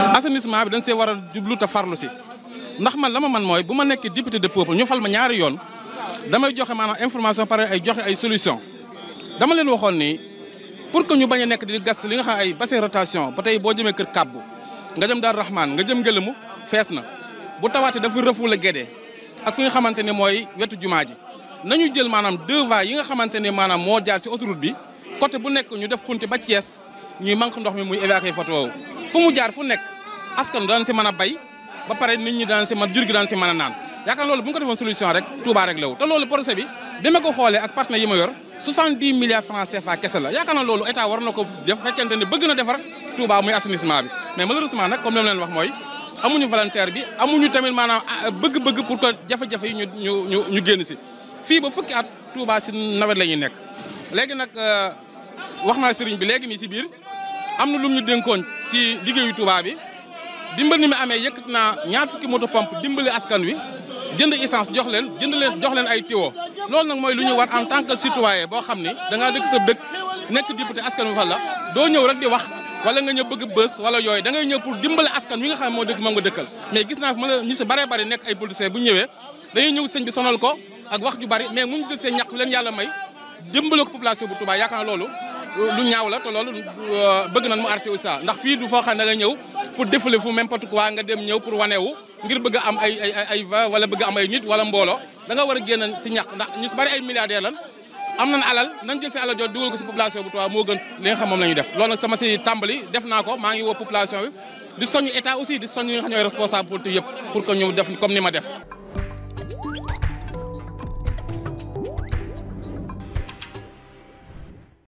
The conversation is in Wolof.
assainissement bi dañ see war a jublu te farlu si ndax man la ma man mooy bu ma nekk député de peuple ñu ma ñaari yoon damay joxe maanaam information pare ay joxe ay solution dama leen waxoon nii pour que ñu bañ a nekk di gas li nga xam ay bassin rotation ba tey boo jëmee kër kàbbu nga jëm daal rahman nga jëm ngëlëmu fees na bu tawaatee dafa rëfu la ak fi nga xamante ne mooy wetu jumaa ji nañu jël maanaam deux voies yi nga xamante ne maanaam moo jaar si autoroute bi côté bu nekk ñu def xunti ba Thiès ñuy manque ndox mi muy évacuer fa toow fu mu jaar fu nekk askan daan si mën a bay ba pare nit ñi daan si mën jur gi daan si a naan yaakaar loolu bu ñu ko defoon solution rek Touba rek lawu te loolu projet bi dama ko xoolee ak partenaires yi ma yor 70 milliards francs CFA kese la yaakaar naa loolu état war na ko def fekkente ne bëgg na defar Touba muy assainissement bi mais malheureusement nag comme li ma leen wax mooy tamit maanaam ah, bëgg-bëgg pour que jafe-jafe ñu ñu ñu génn si fii ba fukki at Touba si nawet la ñuy nekk léegi nag euh, wax naa sëriñ bi léegi nii si biir am na lu ñu dénkoon ci liggéeyu Touba bi bi mbënd mi amee yëkkati naa ñaar fukki moto pompe dimbali askan wi jënd essence jox leen jënd leen jox leen ay tiwo loolu nag mooy lu ñu war en tant que citoyen boo xam ni da ngaa dëkk sa dëkk nekk député askan wi fa doo ñëw rek di wax wala nga ñëw bëgg bës wala yooyu dangay ñëw pour dimbale askan wi nga xam ne moo dëkk moom nga dëkkal mais gis naa fi baree bari nekk ay politiciens bu ñëwee dañuy ñëw sëñ bi sonal ko ak wax ju bari mais mu jël seen ñàkk leen yàlla may dimbale ko population bu Touba yaakaar loolu euh, lu ñaaw la te loolu euh, bëgg nañ mu arrêté aussi ndax fii du foo xam ne da nga ñëw pour défile fu n'importe quoi nga dem ñëw pour wanewu ngir bëgg am ay ay ay wala bëgg am ay nit wala mbooloo da nga war a génn si ñaq ndax ñu si bari ay milliardaires lan am nañ alal nañ jël si alal jooju dugal ko si population bu Touba moo gën li xam moom la ñuy def loolu nag sama si tàmbali def naa ko maa ngi woo p bi di soññ état aussi di soññ ñi nga xam ñooy responsable ni ma def